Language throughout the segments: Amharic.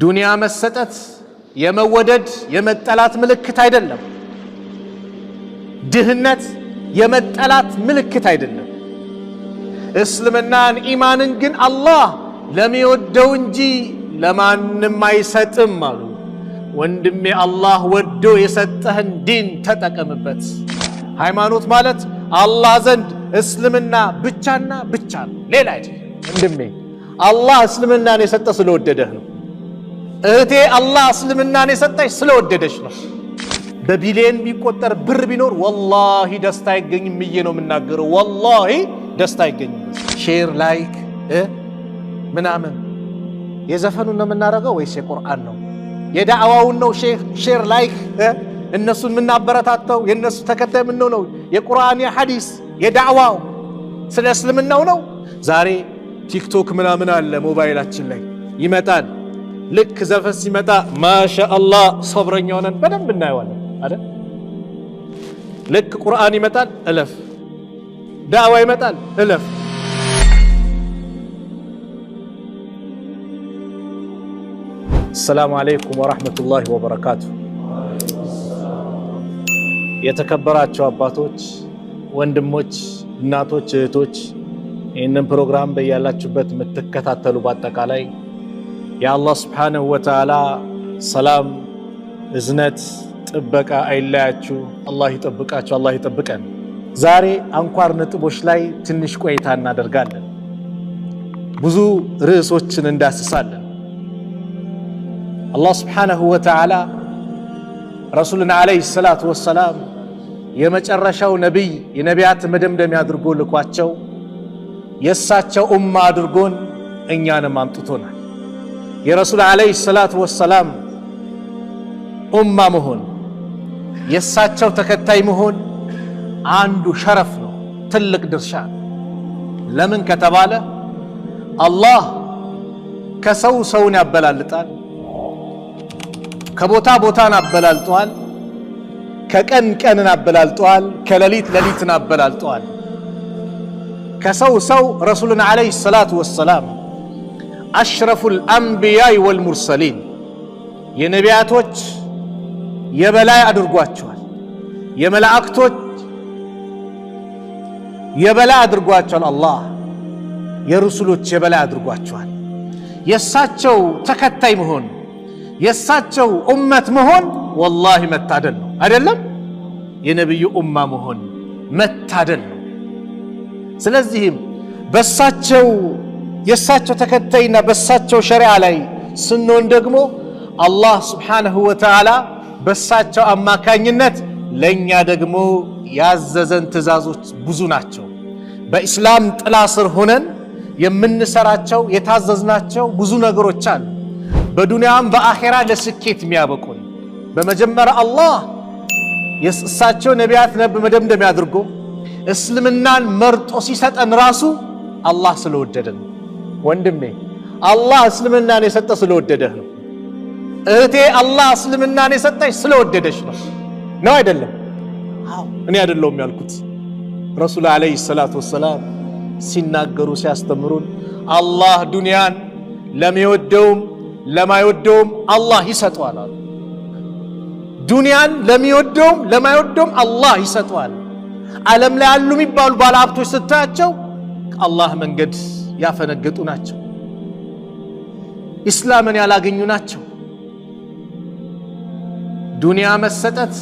ዱንያ መሰጠት የመወደድ የመጠላት ምልክት አይደለም። ድህነት የመጠላት ምልክት አይደለም። እስልምናን ኢማንን ግን አላህ ለሚወደው እንጂ ለማንም አይሰጥም አሉ። ወንድሜ አላህ ወዶ የሰጠህን ዲን ተጠቀምበት። ሃይማኖት ማለት አላህ ዘንድ እስልምና ብቻና ብቻ ነው፣ ሌላ አይደለም። ወንድሜ አላህ እስልምናን የሰጠ ስለወደደህ ነው። እህቴ አላህ እስልምናን የሰጠች ስለወደደች ነው። በቢሊየን የሚቆጠር ብር ቢኖር ወላሂ ደስታ አይገኝም ብዬ ነው የምናገረው። ወላሂ ደስታ አይገኝም። ሼር ላይክ ምናምን የዘፈኑን ነው የምናደርገው ወይስ የቁርአን ነው? የዳዕዋውን ነው ሼር ላይክ እነሱን የምናበረታተው የእነሱ ተከታይ የምንሆነው ነው? የቁርአን የሐዲስ የዳዕዋው ስለ እስልምናው ነው። ዛሬ ቲክቶክ ምናምን አለ ሞባይላችን ላይ ይመጣል ልክ ዘፈን ሲመጣ ማሻአላ ሰብረኛ ሆነን በደንብ እናየዋለን አይደል? ልክ ቁርአን ይመጣል እለፍ፣ ዳዕዋ ይመጣል እለፍ። አሰላሙ አለይኩም ወራህመቱላሂ ወበረካቱ። የተከበራቸው አባቶች፣ ወንድሞች፣ እናቶች፣ እህቶች ይህንን ፕሮግራም በያላችሁበት የምትከታተሉ በአጠቃላይ የአላህ ስብሓንሁ ወተዓላ ሰላም፣ እዝነት፣ ጥበቃ አይለያችሁ። አላህ ይጠብቃችሁ፣ አላህ ይጠብቀን። ዛሬ አንኳር ነጥቦች ላይ ትንሽ ቆይታ እናደርጋለን። ብዙ ርዕሶችን እንዳስሳለን። አላህ ስብሓንሁ ወተዓላ ረሱልን ዓለይሂ ሰላቱ ወሰላም የመጨረሻው ነቢይ የነቢያት መደምደሚያ አድርጎ ልኳቸው የእሳቸው ኡማ አድርጎን እኛንም አምጥቶናል። የረሱል ዓለይሂ ሰላቱ ወሰላም ኡማ መሆን የእሳቸው ተከታይ መሆን አንዱ ሸረፍ ነው፣ ትልቅ ድርሻ። ለምን ከተባለ አላህ ከሰው ሰውን ያበላልጣል፣ ከቦታ ቦታን አበላልጠዋል ከቀን ቀንን አበላልጠዋል ከሌሊት ሌሊትን አበላልጠዋል። ከሰው ሰው ረሱልን ዓለይሂ ሰላቱ ወሰላም አሽረፉል አንቢያይ ወልሙርሰሊን የነቢያቶች የበላይ አድርጓቸዋል። የመላእክቶች የበላይ አድርጓቸዋል። አላህ የሩሱሎች የበላይ አድርጓቸዋል። የእሳቸው ተከታይ መሆን የእሳቸው ኡመት መሆን ወላሂ መታደል ነው። አይደለም የነቢዩ ኡማ መሆን መታደል ነው። ስለዚህም በእሳቸው የእሳቸው ተከታይና በእሳቸው ሸሪዓ ላይ ስንሆን ደግሞ አላህ ስብሓነሁ ወተዓላ በእሳቸው አማካኝነት ለእኛ ደግሞ ያዘዘን ትእዛዞች ብዙ ናቸው። በኢስላም ጥላ ስር ሆነን የምንሰራቸው የታዘዝናቸው ብዙ ነገሮች አሉ። በዱንያም በአኼራ ለስኬት የሚያበቁን በመጀመሪያ አላህ የእሳቸው ነቢያት ነብ መደምደሚያ አድርጎ እስልምናን መርጦ ሲሰጠን ራሱ አላህ ስለወደደን ወንድሜ አላህ እስልምናን የሰጠ ስለወደደህ ነው። እህቴ አላህ እስልምናን የሰጠች ስለወደደች ነው። ነው አይደለም? አዎ። እኔ አይደለሁም ያልኩት ረሱል ዓለይሂ ሰላቱ ወሰላም ሲናገሩ ሲያስተምሩን አላህ ዱንያን ለሚወደውም ለማይወደውም አላህ ይሰጠዋል አሉ። ዱንያን ለሚወደውም ለማይወደውም አላህ ይሰጠዋል። ዓለም ላይ አሉ የሚባሉ ባለሀብቶች ስታያቸው አላህ መንገድ ያፈነገጡ ናቸው። ኢስላምን ያላገኙ ናቸው። ዱንያ መሰጠት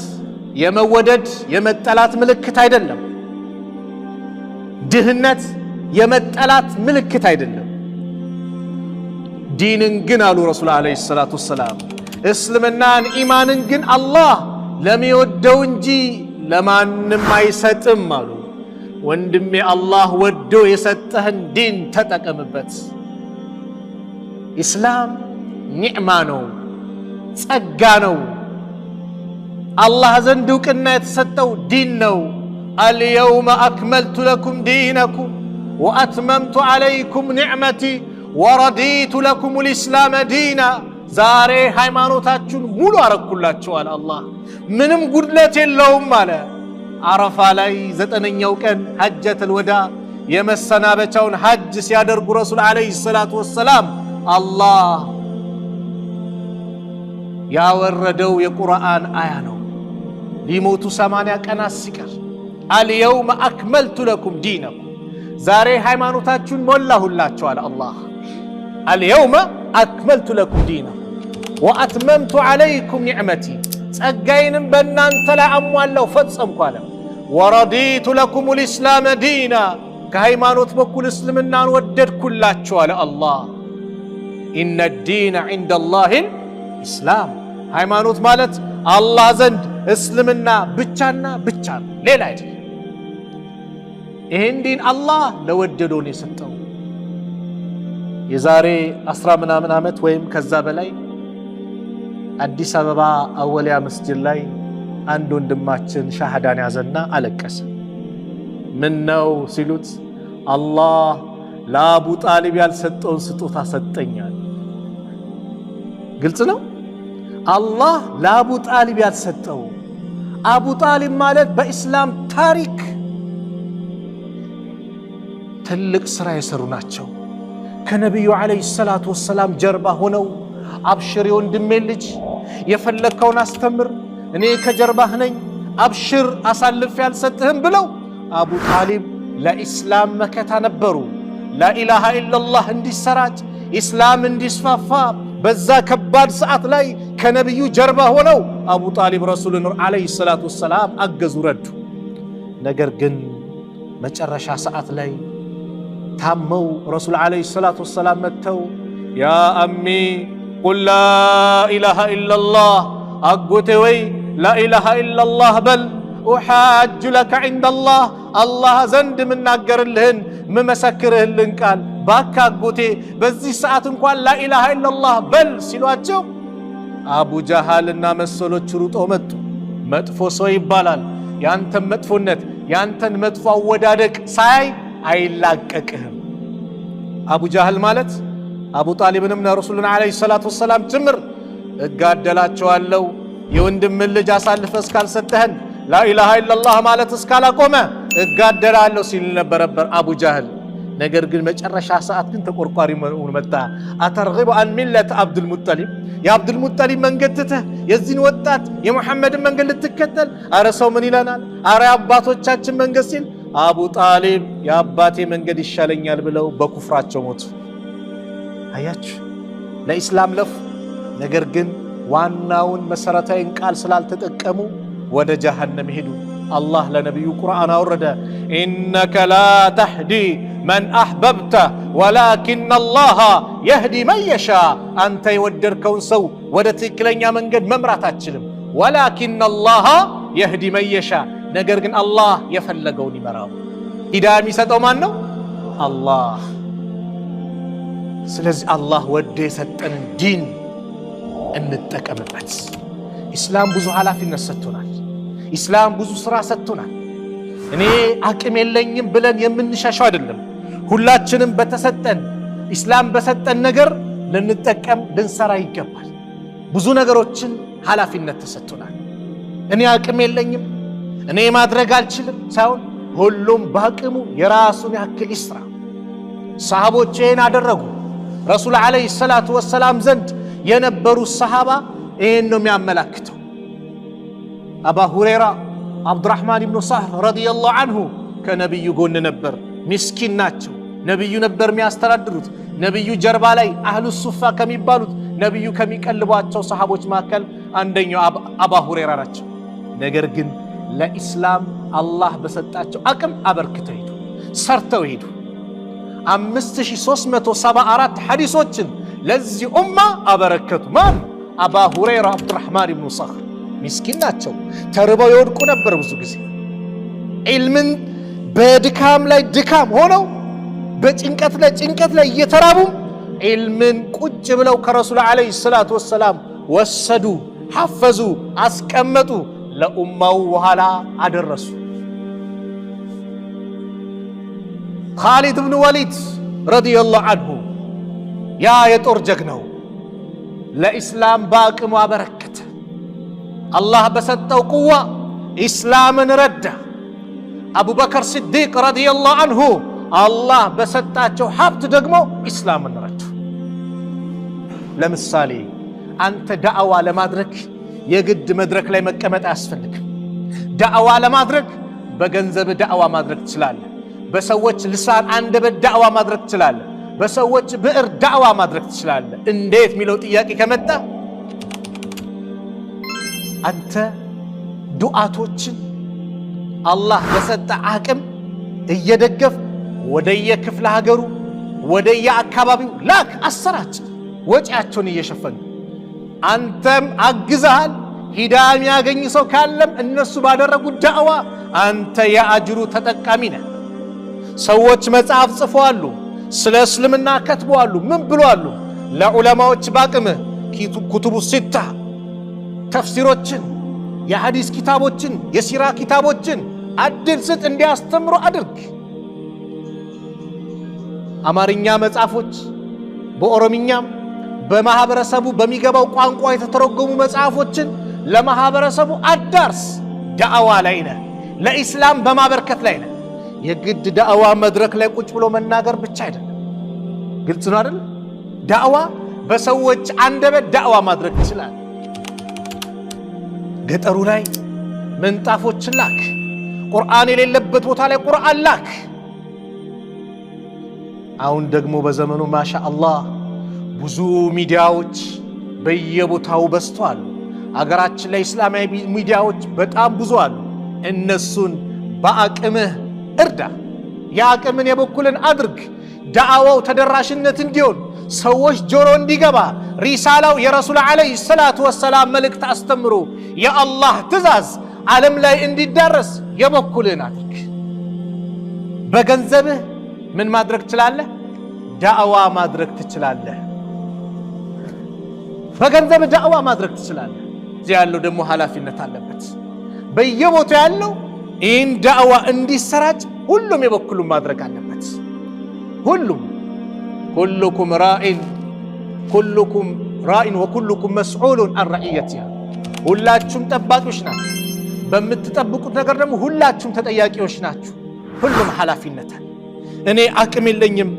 የመወደድ የመጠላት ምልክት አይደለም። ድህነት የመጠላት ምልክት አይደለም። ዲንን ግን አሉ ረሱል ዓለይሂ ሰላቱ ወሰላም እስልምናን ኢማንን ግን አላህ ለሚወደው እንጂ ለማንም አይሰጥም አሉ። ወንድሜ አላህ ወዶ የሰጠህን ዲን ተጠቀምበት። ኢስላም ኒዕማ ነው፣ ጸጋ ነው። አላህ ዘንድ እውቅና የተሰጠው ዲን ነው። አልየውመ አክመልቱ ለኩም ዲነኩም ወአትመምቱ ዓለይኩም ኒዕመቲ ወረዲቱ ለኩም ልእስላመ ዲና። ዛሬ ሃይማኖታችሁን ሙሉ አረኩላችኋል። አላህ ምንም ጉድለት የለውም አለ። አረፋ ላይ ዘጠነኛው ቀን ሐጀተል ወዳ የመሰናበቻውን ሐጅ ሲያደርጉ ረሱል ዓለይሂ ሰላቱ ወሰላም አላህ ያወረደው የቁርአን አያ ነው። ሊሞቱ ሰማንያ ቀናት ሲቀር አልየውመ አክመልቱ ለኩም ዲነኩም ዛሬ ሃይማኖታችሁን ሞላሁላችኋል። አላህ አልየውመ አክመልቱ ለኩም ዲነኩም ወአትመምቱ ዓለይኩም ኒዕመቲ ጸጋዬንም በእናንተ ላይ አሟላው ፈጸምኩ አለ። ወረዲቱ ለኩሙል ኢስላመ ዲና ከሃይማኖት በኩል እስልምናን ወደድኩላችሁ አለ አላህ። ኢነ ዲነ ዒንደ ላሂል ኢስላም ሃይማኖት ማለት አላህ ዘንድ እስልምና ብቻና ብቻ ነው፣ ሌላ አይደለም። ይህን ዲን አላህ ለወደዶን የሰጠው የዛሬ አስራ ምናምን ዓመት ወይም ከዛ በላይ አዲስ አበባ አወሊያ መስጅድ ላይ አንድ ወንድማችን ሻሃዳን ያዘና አለቀሰ። ምን ነው ሲሉት አላህ ለአቡ ጣሊብ ያልሰጠውን ስጦታ ሰጠኛል። ግልጽ ነው። አላህ ለአቡ ጣሊብ ያልሰጠው አቡ ጣሊብ ማለት በኢስላም ታሪክ ትልቅ ስራ የሰሩ ናቸው። ከነቢዩ ዓለይሂ ሰላቱ ወሰላም ጀርባ ሆነው አብሽር የወንድሜ ልጅ የፈለግከውን አስተምር፣ እኔ ከጀርባህ ነኝ፣ አብሽር አሳልፌ አልሰጥህም ብለው አቡ ጣሊብ ለኢስላም መከታ ነበሩ። ላኢላሃ ኢለላህ እንዲሰራጭ ኢስላም እንዲስፋፋ በዛ ከባድ ሰዓት ላይ ከነቢዩ ጀርባ ሆነው አቡ ጣሊብ ረሱልን ዓለይሂ ሰላቱ ወሰላም አገዙ፣ ረዱ። ነገር ግን መጨረሻ ሰዓት ላይ ታመው ረሱል ዓለይሂ ሰላቱ ወሰላም መጥተው ያ አሚ ቁል ላኢላሃ ኢለላህ አጎቴ ወይ ላኢላሃ ኢለላህ በል ኡሓጁ ለከ ዒንደላህ አላህ ዘንድ የምናገርልህን ምመሰክርህልን ቃል ባካ አጎቴ በዚህ ሰዓት እንኳን ላኢላሃ ኢለላህ በል ሲሏቸው አቡ ጃሃልና መሰሎች ሩጦ መጡ። መጥፎ ሰው ይባላል። ያንተን መጥፎነት ያንተን መጥፎ አወዳደቅ ሳይ አይላቀቅህም። አቡጃሃል ማለት አቡ ጣሊብንም ነረሱሉን ዓለይሂ ሰላቱ ወሰላም ጭምር እጋደላቸዋለሁ የወንድምን ልጅ አሳልፈ እስካልሰጠህን ላኢላሃ ኢለላህ ማለት እስካላቆመ እጋደላለሁ ሲል ነበረበር አቡ ጃህል። ነገር ግን መጨረሻ ሰዓት ግን ተቆርቋሪ መጣ። አተርጊቡ አን ሚለት አብዱልሙጠሊብ የአብዱልሙጠሊብ መንገድ ትተህ የዚህን ወጣት የሙሐመድን መንገድ ልትከተል? አረ ሰው ምን ይለናል? አረ የአባቶቻችን መንገድ ሲል አቡ ጣሊብ የአባቴ መንገድ ይሻለኛል ብለው በኩፍራቸው ሞቱ። አያችሁ፣ ለኢስላም ለፉ። ነገር ግን ዋናውን መሰረታዊን ቃል ስላልተጠቀሙ ወደ ጀሃነም ሄዱ። አላህ ለነቢዩ ቁርአን አወረደ። ኢነከ ላ ተህዲ መን አሕበብተ ወላኪን አላህ የህዲ መን የሻ። አንተ የወደድከውን ሰው ወደ ትክክለኛ መንገድ መምራት አትችልም። ወላኪን አላህ የህዲ መን የሻ። ነገር ግን አላህ የፈለገውን ይመራው። ሂዳያ የሚሰጠው ማን ነው? አላህ ስለዚህ አላህ ወደ የሰጠንን ዲን እንጠቀምበት። ኢስላም ብዙ ኃላፊነት ሰጥቶናል። ኢስላም ብዙ ስራ ሰጥቶናል። እኔ አቅም የለኝም ብለን የምንሻሸው አይደለም። ሁላችንም በተሰጠን ኢስላም በሰጠን ነገር ልንጠቀም ልንሰራ ይገባል። ብዙ ነገሮችን ኃላፊነት ተሰጥቶናል። እኔ አቅም የለኝም እኔ ማድረግ አልችልም ሳይሆን ሁሉም በአቅሙ የራሱን ያክል ይስራ። ሰሃቦች ይህን አደረጉ። ረሱል ዓለይሂ ሰላቱ ወሰላም ዘንድ የነበሩት ሰሃባ ይህን ነው የሚያመላክተው። አባ ሁሬራ አብዱራህማን ብኑ ሳህር ረዲየላሁ አንሁ ከነቢዩ ጎን ነበር። ሚስኪን ናቸው። ነቢዩ ነበር የሚያስተዳድሩት። ነቢዩ ጀርባ ላይ አህሉ ሱፋ ከሚባሉት ነቢዩ ከሚቀልቧቸው ሰሃቦች መካከል አንደኛው አባ ሁሬራ ናቸው። ነገር ግን ለኢስላም አላህ በሰጣቸው አቅም አበርክተው ሄዱ፣ ሰርተው ሄዱ። 5374 ሐዲሶችን ለዚህ ኡማ አበረከቱ። ማን? አባ ሁረይራ አብዱራህማን ብኑ ሰኽር ሚስኪን ናቸው። ተርበው የወድቁ ነበር ብዙ ጊዜ ዒልምን በድካም ላይ ድካም ሆነው በጭንቀት ላይ ጭንቀት ላይ እየተራቡም? ዒልምን ቁጭ ብለው ከረሱል ዓለይሂ ሰላቱ ወሰላም ወሰዱ፣ ሐፈዙ፣ አስቀመጡ፣ ለኡማው በኋላ አደረሱ። ኻሊድ ብን ወሊድ ረዲየላሁ አንሁ ያ የጦር ጀግናው ለኢስላም በአቅሙ አበረከተ። አላህ በሰጠው ቁዋ ኢስላምን ረዳ። አቡበከር ስዲቅ ረዲየላሁ አንሁ አላህ በሰጣቸው ሀብት ደግሞ ኢስላምን ረዳ። ለምሳሌ አንተ ዳዕዋ ለማድረግ የግድ መድረክ ላይ መቀመጥ አያስፈልግም። ዳዕዋ ለማድረግ በገንዘብ ዳዕዋ ማድረግ ትችላለህ። በሰዎች ልሳን አንደበት ዳዕዋ ማድረግ ትችላለህ። በሰዎች ብዕር ዳዕዋ ማድረግ ትችላለህ። እንዴት የሚለው ጥያቄ ከመጣ አንተ ዱዓቶችን አላህ በሰጠ አቅም እየደገፍ ወደየክፍለ ሀገሩ ወደየአካባቢው ላክ፣ አሰራጭ፣ ወጪያቸውን እየሸፈኑ አንተም አግዛሃል። ሂዳም የሚያገኝ ሰው ካለም እነሱ ባደረጉት ዳዕዋ አንተ የአጅሩ ተጠቃሚ ነህ። ሰዎች መጽሐፍ ጽፎ አሉ፣ ስለ እስልምና ከትቦ አሉ፣ ምን ብሎ አሉ። ለዑለማዎች ባቅም ኩቱቡ ሲታ ተፍሲሮችን፣ የሐዲስ ኪታቦችን፣ የሲራ ኪታቦችን አድል ስጥ እንዲያስተምሩ አድርግ። አማርኛ መጽሐፎች በኦሮምኛም በማህበረሰቡ በሚገባው ቋንቋ የተተረጎሙ መጽሐፎችን ለማህበረሰቡ አዳርስ። ዳዕዋ ላይ ነህ፣ ለኢስላም በማበርከት ላይ ነህ። የግድ ዳዕዋ መድረክ ላይ ቁጭ ብሎ መናገር ብቻ አይደለም። ግልጽ ነው አይደል? ዳዕዋ በሰዎች አንደበት ዳዕዋ ማድረግ ይችላል። ገጠሩ ላይ ምንጣፎችን ላክ፣ ቁርአን የሌለበት ቦታ ላይ ቁርአን ላክ። አሁን ደግሞ በዘመኑ ማሻ አላህ ብዙ ሚዲያዎች በየቦታው በዝተዋል። አገራችን ላይ እስላማዊ ሚዲያዎች በጣም ብዙ አሉ። እነሱን በአቅምህ እርዳ፣ የአቅምን የበኩልን አድርግ። ዳዕዋው ተደራሽነት እንዲሆን ሰዎች ጆሮ እንዲገባ ሪሳላው የረሱል ዓለይሂ ሰላቱ ወሰላም መልእክት አስተምሮ የአላህ ትእዛዝ ዓለም ላይ እንዲዳረስ የበኩልን አድርግ። በገንዘብህ ምን ማድረግ ትችላለህ? ዳዕዋ ማድረግ ትችላለህ። በገንዘብ ዳዕዋ ማድረግ ትችላለህ። እዚያ ያለው ደግሞ ኃላፊነት አለበት በየቦታው ያለው ይህን ዳዕዋ እንዲሰራጭ ሁሉም የበኩሉን ማድረግ አለበት። ሁሉም ኩሉኩም ራኢን ኩሉኩም ራኢን ወኩሉኩም መስዑሉን አን ያ ሁላችሁም ጠባቂዎች ናችሁ። በምትጠብቁት ነገር ደግሞ ሁላችሁም ተጠያቂዎች ናችሁ። ሁሉም ኃላፊነታል። እኔ አቅም የለኝም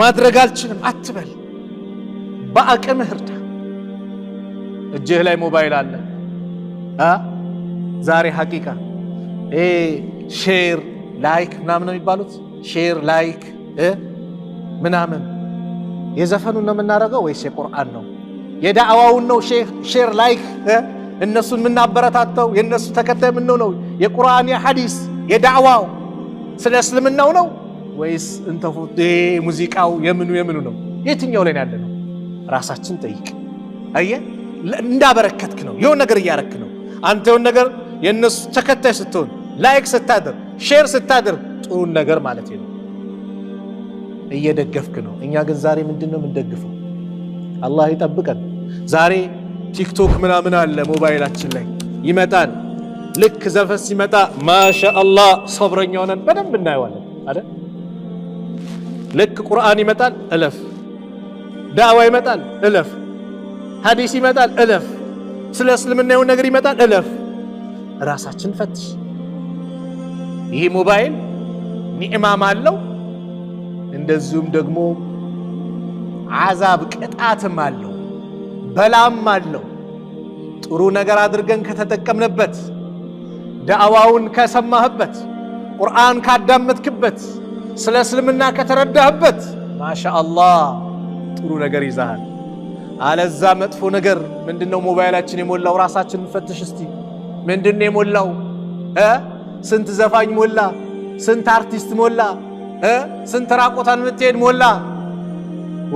ማድረግ አልችልም አትበል። በአቅምህ እርዳ። እጅህ ላይ ሞባይል አለ ዛሬ ሐቂቃ ሼር ላይክ ምናምን ነው የሚባሉት። ሼር ላይክ ምናምን የዘፈኑን ነው የምናደርገው ወይስ የቁርአን ነው? የዳዕዋውን ነው ሼር ላይክ እነሱን የምናበረታተው የእነሱ ተከታይ የምንሆነው ነው? የቁርአን የሐዲስ የዳዕዋው ስለ እስልምናው ነው ወይስ እንተፉ ሙዚቃው የምኑ የምኑ ነው? የትኛው ላይ ያለ ነው? ራሳችን ጠይቅ። አየ እንዳበረከትክ ነው፣ ይሆን ነገር እያረክ ነው አንተ የሆን ነገር የእነሱ ተከታይ ስትሆን ላይክ ስታደርግ ሼር ስታደርግ ጥሩን ነገር ማለት ነው እየደገፍክ ነው። እኛ ግን ዛሬ ምንድን ነው የምንደግፈው? አላህ ይጠብቀን። ዛሬ ቲክቶክ ምናምን አለ ሞባይላችን ላይ ይመጣል። ልክ ዘፈን ሲመጣ ማሻአላህ ሰብረኛ ሆነን በደንብ እናየዋለን አይደል? ልክ ቁርአን ይመጣል እለፍ፣ ዳዕዋ ይመጣል እለፍ፣ ሀዲስ ይመጣል እለፍ፣ ስለ እስልምና የሆነ ነገር ይመጣል እለፍ። ራሳችን ፈትሽ ይህ ሞባይል ኒዕማም አለው፣ እንደዚሁም ደግሞ አዛብ ቅጣትም አለው፣ በላም አለው። ጥሩ ነገር አድርገን ከተጠቀምንበት፣ ዳዕዋውን ከሰማህበት፣ ቁርአን ካዳመጥክበት፣ ስለ እስልምና ከተረዳህበት፣ ማሻ አላህ ጥሩ ነገር ይዛሃል። አለዛ መጥፎ ነገር ምንድነው? ሞባይላችን የሞላው ራሳችን ፈትሽ እስቲ። ምንድነው የሞላው? ስንት ዘፋኝ ሞላ፣ ስንት አርቲስት ሞላ፣ ስንት ራቆታን የምትሄድ ሞላ።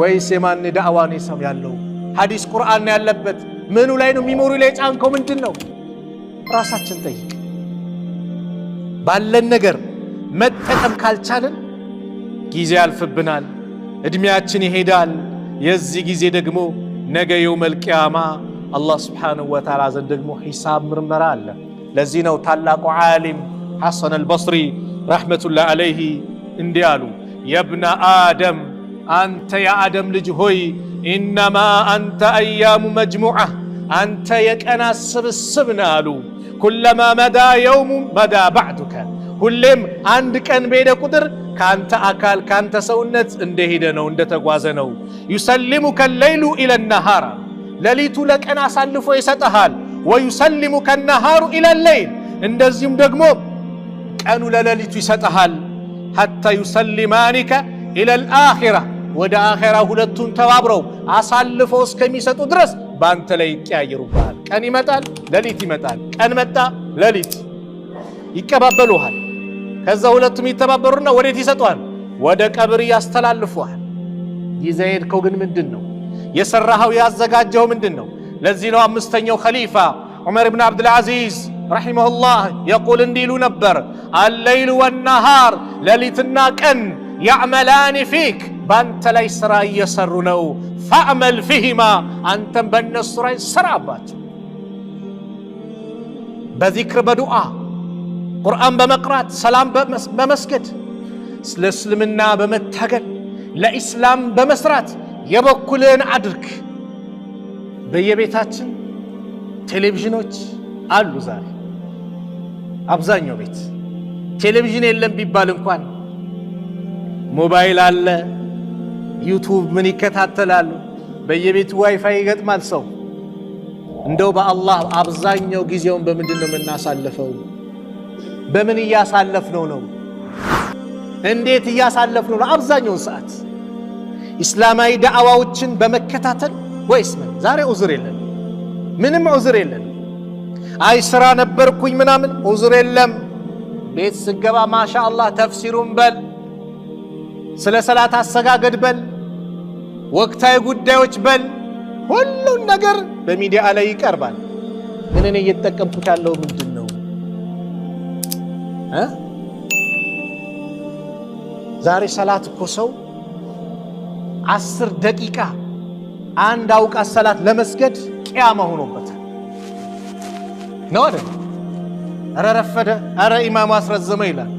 ወይስ የማን ዳዕዋ ነው ሰው ያለው? ሐዲስ ቁርአን ያለበት? ምኑ ላይ ነው ሚሞሪ ላይ ጫንከው? ምንድን ነው? ራሳችን ጠይቅ። ባለን ነገር መጠቀም ካልቻልን ጊዜ ያልፍብናል፣ እድሜያችን ይሄዳል። የዚህ ጊዜ ደግሞ ነገ የውመል ቂያማ አላህ ስብሓንሁ ወተዓላ ዘንድ ደግሞ ሒሳብ ምርመራ አለ። ለዚህ ነው ታላቁ ዓሊም ሐሰን አልበስሪ ረሕመቱላህ አለይህ እንዲህ አሉ፣ የብነ አደም አንተ የአደም ልጅ ሆይ ኢነማ አንተ አያሙ መጅሙዓ አንተ የቀና ስብስብ ነህ አሉ። ኩለማ መዳ የውሙ መዳ ባዕዱከ ሁሌም አንድ ቀን በሄደ ቁጥር ከአንተ አካል ከአንተ ሰውነት እንደሄደ ነው እንደተጓዘ ነው። ዩሰሊሙከ ሌይሉ ኢለ ነሃር ሌሊቱ ለቀን አሳልፎ ይሰጠሃል። ወዩሰሊሙከ ነሃሩ ኢለ ሌይል እንደዚሁም ደግሞ ቀኑ ለሌሊቱ ይሰጠሃል። ሐታ ዩሰሊማኒከ ኢለል አኺራ ወደ አኼራ ሁለቱን ተባብረው አሳልፈው እስከሚሰጡ ድረስ በአንተ ላይ ይቀያየሩብሃል። ቀን ይመጣል፣ ሌሊት ይመጣል። ቀን መጣ፣ ሌሊት ይቀባበሉሃል። ከዛ ሁለቱም ይተባበሩና ወዴት ይሰጧል? ወደ ቀብር ያስተላልፉሃል። ይዘ ሄድከው ግን ምንድን ነው የሰራኸው? ያዘጋጀኸው ምንድን ነው? ለዚህ ነው አምስተኛው ኸሊፋ ዑመር ብን አዚዝ? ረሂመሁላህ የቁል እንዲሉ ነበር አለይሉ ወናሃር ሌሊትና ቀን ያዕመላኒ ፊክ በአንተ ላይ ሥራ እየሠሩ ነው። ፈዕመል ፊሂማ አንተም በእነሱ ላይ ሥራ በዚክር በዱዓ ቁርአን በመቅራት ሰላም በመስገድ ስለ እስልምና በመታገል ለኢስላም በመስራት የበኩልን አድርግ። በየቤታችን ቴሌቪዥኖች አሉ ዛሬ አብዛኛው ቤት ቴሌቪዥን የለም ቢባል እንኳን ሞባይል አለ፣ ዩቱብ ምን ይከታተላሉ። በየቤቱ ዋይፋይ ይገጥማል ሰው። እንደው በአላህ አብዛኛው ጊዜውን በምንድን ነው የምናሳልፈው? በምን እያሳለፍነው ነው? እንዴት ነው ነው? አብዛኛውን ሰዓት ኢስላማዊ ዳዕዋዎችን በመከታተል ወይስ ምን? ዛሬ ዑዝር የለን፣ ምንም ዑዝር የለን። አይ ስራ ነበርኩኝ ምናምን ኡዝር የለም። ቤት ስገባ ማሻ አላህ ተፍሲሩን በል፣ ስለ ሰላት አሰጋገድ በል፣ ወቅታዊ ጉዳዮች በል፣ ሁሉን ነገር በሚዲያ ላይ ይቀርባል። ግን እኔ እየተጠቀምኩት ያለው ምንድን ነው? ዛሬ ሰላት እኮ ሰው አስር ደቂቃ አንድ አውቃት ሰላት ለመስገድ ቅያማ ሆኖበት ነው አይደል? ኧረ ረፈደ፣ ኧረ ኢማሙ አስረዘመ ይላል።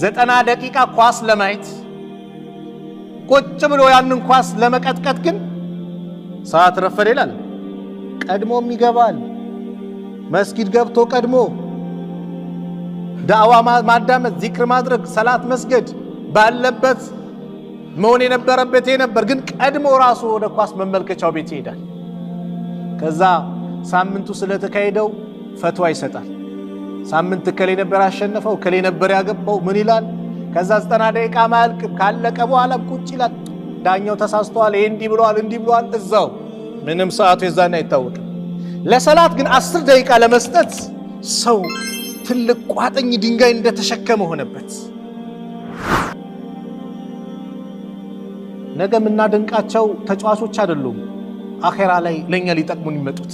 ዘጠና ደቂቃ ኳስ ለማየት ቁጭ ብሎ ያንን ኳስ ለመቀጥቀጥ ግን ሰዓት ረፈደ ይላል። ቀድሞም ይገባል መስጊድ ገብቶ ቀድሞ ዳዕዋ ማዳመጥ፣ ዚክር ማድረግ፣ ሰላት መስገድ ባለበት መሆን የነበረበት ነበር። ግን ቀድሞ ራሱ ወደ ኳስ መመልከቻው ቤት ይሄዳል ከዛ ሳምንቱ ስለተካሄደው ፈትዋ ይሰጣል። ሳምንት እከሌ ነበር ያሸነፈው፣ እከሌ ነበር ያገባው ምን ይላል። ከዛ ዘጠና ደቂቃ ማያልቅም ካለቀ በኋላ ቁጭ ይላል። ዳኛው ተሳስተዋል፣ ይሄ እንዲህ ብለዋል፣ እንዲህ ብለዋል፣ እዛው ምንም ሰዓቱ የዛን አይታወቅም። ለሰላት ግን አስር ደቂቃ ለመስጠት ሰው ትልቅ ቋጥኝ ድንጋይ እንደተሸከመ ሆነበት። ነገ የምናደንቃቸው ተጫዋቾች አይደሉም፣ አኼራ ላይ ለእኛ ሊጠቅሙን ይመጡት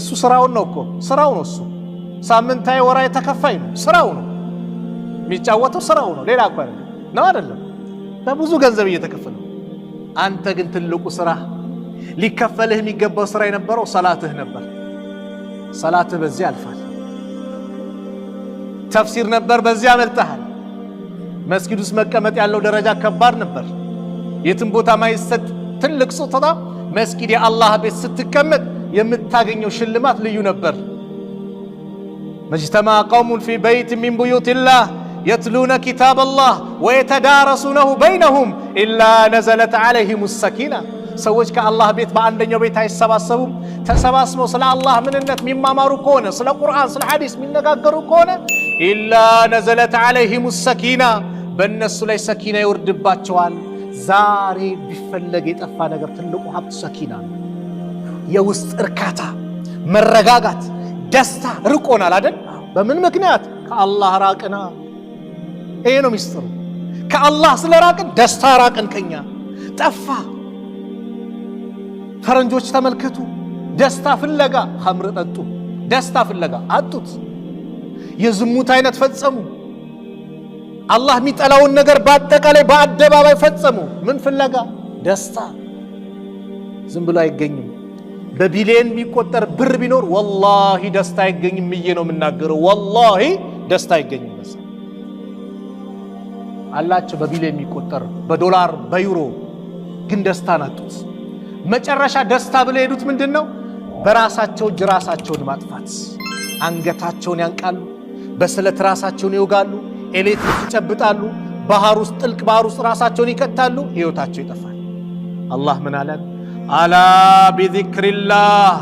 እሱ ስራውን ነው እኮ ስራው ነው እሱ ሳምንታዊ ወራ የተከፋይ ነው ስራው ነው የሚጫወተው ስራው ነው ሌላ እኮ አይደለም ነው አይደለም በብዙ ገንዘብ እየተከፈለ አንተ ግን ትልቁ ስራ ሊከፈልህ የሚገባው ስራ የነበረው ሰላትህ ነበር ሰላትህ በዚህ አልፋል ተፍሲር ነበር በዚህ አመልጠሃል መስጊድ ውስጥ መቀመጥ ያለው ደረጃ ከባድ ነበር የትም ቦታ ማይሰጥ ትልቅ ስጦታ መስጊድ የአላህ ቤት ስትቀመጥ የምታገኘው ሽልማት ልዩ ነበር። መጅተማ ቀውሙን ፊ በይት ሚን ቡዩቲላህ የትሉነ ኪታበላህ ወየተዳረሱነሁ በይነሁም ኢላ ነዘለት ዓለይሂሙ ሰኪና። ሰዎች ከአላህ ቤት በአንደኛው ቤት አይሰባሰቡም። ተሰባስበው ስለ አላህ ምንነት የሚማማሩ ከሆነ ስለ ቁርአን፣ ስለ ሐዲስ የሚነጋገሩ ከሆነ ኢላ ነዘለት ዓለይሂሙ ሰኪና፣ በእነሱ ላይ ሰኪና ይወርድባቸዋል። ዛሬ ቢፈለግ የጠፋ ነገር ትልቁ ሀብት ሰኪና ነው። የውስጥ እርካታ፣ መረጋጋት፣ ደስታ ርቆናል አይደል? በምን ምክንያት? ከአላህ ራቅና። ይሄ ነው ሚስጥሩ። ከአላህ ስለ ራቅን ደስታ ራቅን፣ ከኛ ጠፋ። ፈረንጆች ተመልከቱ፣ ደስታ ፍለጋ ሐምር ጠጡ፣ ደስታ ፍለጋ አጡት። የዝሙት አይነት ፈጸሙ። አላህ የሚጠላውን ነገር በአጠቃላይ በአደባባይ ፈጸሙ። ምን ፍለጋ? ደስታ ዝም ብሎ አይገኝም። በቢሊየን የሚቆጠር ብር ቢኖር ወላሂ ደስታ አይገኝም ብዬ ነው የምናገረው። ወላሂ ደስታ አይገኝም። መስ አላቸው በቢሊየን የሚቆጠር በዶላር በዩሮ ግን ደስታ ናጡት። መጨረሻ ደስታ ብለው የሄዱት ምንድን ነው? በራሳቸው እጅ ራሳቸውን ማጥፋት። አንገታቸውን ያንቃሉ፣ በስለት ራሳቸውን ይወጋሉ፣ ኤሌክትሪክ ይጨብጣሉ፣ ባህር ውስጥ ጥልቅ ባህር ውስጥ ራሳቸውን ይከታሉ። ህይወታቸው ይጠፋል። አላህ ምን አለን? አላ ቢዚክሪላህ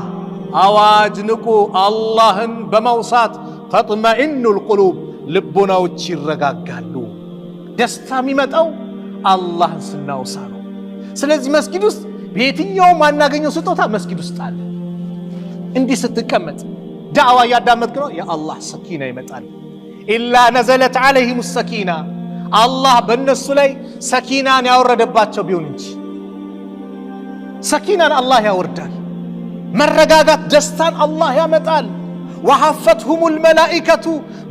አዋጅ ንቁ፣ አላህን በመውሳት ተጥመኢኑል ቁሉብ ልቦናዎች ይረጋጋሉ። ደስታ የሚመጣው አላህን ስናውሳ ነው። ስለዚህ መስጊድ ውስጥ በየትኛው ማናገኘው ስጦታ መስጊድ ውስጥ አለ። እንዲህ ስትቀመጥ ዳዕዋ እያዳመጥክ ነው፣ የአላህ ሰኪና ይመጣል። ኢላ ነዘለት ዓለይሂም ሰኪና አላህ በእነሱ ላይ ሰኪናን ያወረደባቸው ቢሆን እንጂ ሰኪናን አላህ ያወርዳል። መረጋጋት፣ ደስታን አላህ ያመጣል። ወሐፈትሁሙል መላኢከቱ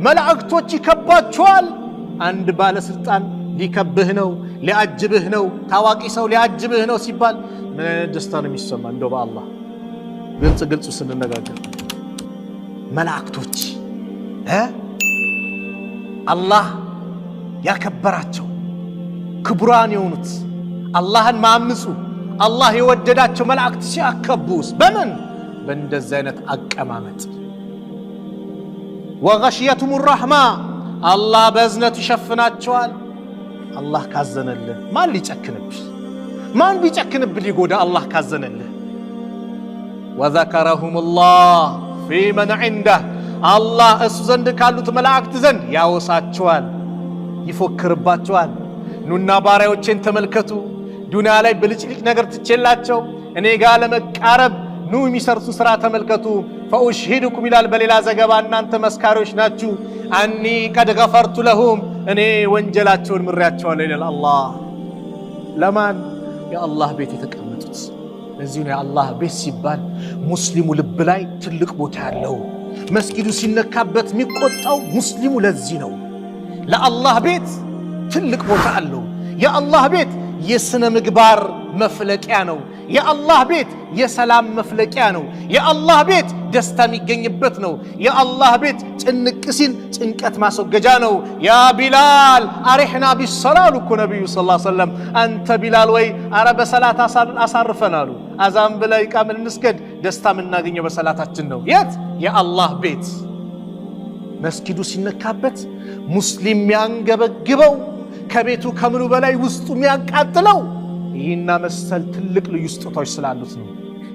መላእክቶች ይከባቸዋል። አንድ ባለስልጣን ሊከብህ ነው፣ ሊያጅብህ ነው፣ ታዋቂ ሰው ሊያጅብህ ነው ሲባል ምን አይነት ደስታ ነው የሚሰማ? እንደው በአላህ ግልጽ ግልጹ ስንነጋገር መላእክቶች አላህ ያከበራቸው ክቡራን የሆኑት አላህን ማምፁ አላህ የወደዳቸው መላእክት ሲያከቡስ በምን በእንደዚህ አይነት አቀማመጥ ወገሽየቱም ራህማ አላህ በእዝነቱ ይሸፍናቸዋል። አላህ ካዘነልህ ማን ሊጨክንብህ? ማን ቢጨክንብህ ሊጎዳ አላህ ካዘነልህ። ወዘከረሁም ላህ ፊ ዒንደህ አላህ እሱ ዘንድ ካሉት መላእክት ዘንድ ያወሳቸዋል፣ ይፎክርባቸዋል። ኑና ባሪያዎቼን ተመልከቱ ዱንያ ላይ ብልጭልጭ ነገር ትቼላቸው እኔ ጋር ለመቃረብ ኑ የሚሰርቱ ስራ ተመልከቱ። ፈኡሽሂዱኩም ይላል በሌላ ዘገባ እናንተ መስካሪዎች ናችሁ። አኒ ቀድ ገፈርቱ ለሁም እኔ ወንጀላቸውን ምሬያቸዋለሁ ይላል አላህ። ለማን የአላህ ቤት የተቀመጡት። ለዚህ ነው የአላህ ቤት ሲባል ሙስሊሙ ልብ ላይ ትልቅ ቦታ ያለው። መስጊዱ ሲነካበት የሚቆጣው ሙስሊሙ ለዚህ ነው። ለአላህ ቤት ትልቅ ቦታ አለው። የአላህ ቤት የሥነ ምግባር መፍለቂያ ነው። የአላህ ቤት የሰላም መፍለቂያ ነው። የአላህ ቤት ደስታ የሚገኝበት ነው። የአላህ ቤት ጭንቅ ሲል ጭንቀት ማስወገጃ ነው። ያ ቢላል አሪሕና ቢሰላ አሉ እኮ ነቢዩ ሰለላሁ ዐለይሂ ወሰለም። አንተ ቢላል ወይ አረ በሰላት አሳርፈን አሉ። አዛም ብላይ ቃምን እንስገድ። ደስታ የምናገኘው በሰላታችን ነው። የት የአላህ ቤት መስጊዱ ሲነካበት ሙስሊም ያንገበግበው ከቤቱ ከምኑ በላይ ውስጡ የሚያቃጥለው ይህና መሰል ትልቅ ልዩ ስጦታዎች ስላሉት ነው።